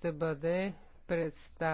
ще бъде представен